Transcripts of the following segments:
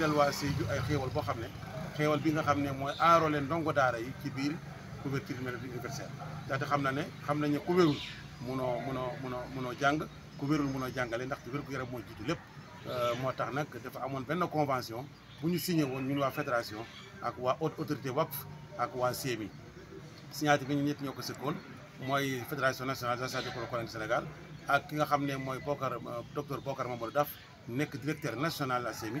indal waa Sédhiou ay xéewal boo xam ne xéewal bi nga xam ne mooy aaroo leen ndongo daara yi ci biir couverture maladie universelle daate xam na ne xam nañ ne ku wérul munoo munoo munoo munoo jàng ku wérul munoo jàngale ndax wér gu moo jiitu lépp euh, moo tax nag dafa amoon benn convention bu ñu signé woon ñun waa fédération ak waa haute autorité waqf ak waa CMI signature bi ñu ñett ñoo ko sëkkoon mooy fédération nationale des associations Sénégal ak ki nga xam ne mooy Bokar euh, docteur Bokar Mamadou Daf nekk directeur national la CMI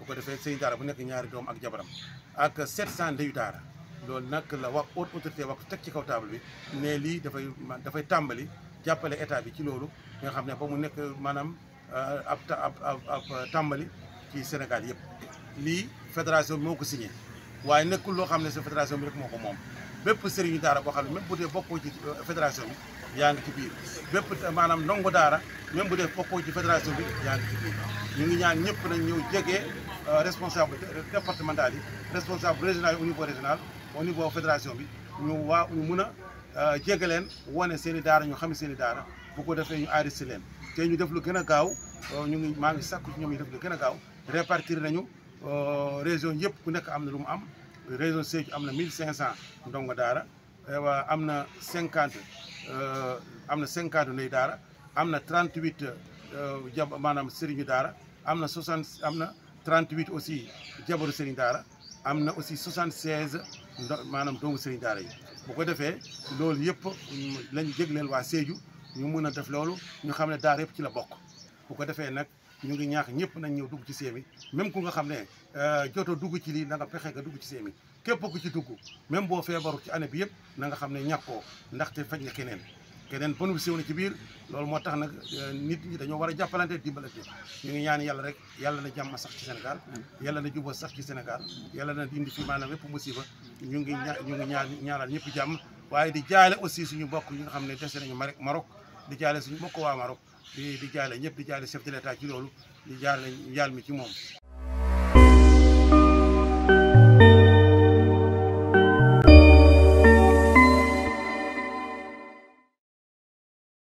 bu ko defee sëñ daara bu nekk ñaari doom ak jabaram ak 700 ndeyu daara loolu nag la wax haute autorité teg ci kaw table bi ne lii dafay man dafay tàmbali jàppale état bi ci loolu nga xam ne ba mu nekk maanaam euh, ab ab ab tàmbali ci Sénégal yëpp. lii fédération bi moo ko signé waaye nekkul loo xam ne sa fédération bi rek moo ko moom bépp sëriñu daara boo xam ne même bu dee bokkoo ci euh, fédération bi yaa ngi ci biir bépp maanaam ndongo daara même bu dee bokkoo ci fédération bi yaa ngi ci biir ñu ñaan ñëpp nañ ñëw jege. Euh, responsable euh, départemental yi responsable régional yi au niveau régional au niveau fédération bi ñu waaw ñu mën a euh, jéggi leen wane seen daara ñu xam seen i daara bu ko defee ñu enregistré leen te ñu def lu gën a gaaw ñu ngi maa ngi sàkku ci ñoom ñu def lu gën a gaaw répartir nañu région yëpp ku nekk am na lu mu am région Sédhiou am na 1500 ndongo daara waa am na 50 am na 50 ndey daara am na 38 jàpp maanaam sëriñu daara am na 60 am na. 38 aussi jabaru Serigne Daara am na aussi 76 ndo maanaam doomu Serigne Daara yi bu ko defee loolu yëpp lañ jégleel waa Sédhiou ñu mën a def loolu ñu xam ne daara yëpp ci la bokk bu ko defee nag ñu ngi ñaax ñëpp nañ ñëw dugg ci seemi même ku nga xam ne euh, joto dugg ci lii na nga fexe nga dugg ci seemi képp ku ci dugg même boo feebaru ci année bi yëpp na xam ne ñàkkoo ndaxte faj na keneen keneen bénéficié wu na ci biir loolu moo tax nag euh, nit ñi dañoo war a jàppalante dimbalante ñu ngi ñaan yàlla rek yàlla na jàmm sax ci Sénégal yàlla na jubóo sax ci Sénégal yàlla na indi fi maanaam lépp musiba ñu ngi ñu ngi ñaar ñaaral ñëpp jàmm waaye di jaale aussi suñu mbokk yi nga xam ne dese nañu Maroc di jaale suñu bokk waa Maroc di di jaale ñëpp di jaale chef de ci loolu di jaale njaal mi ci moom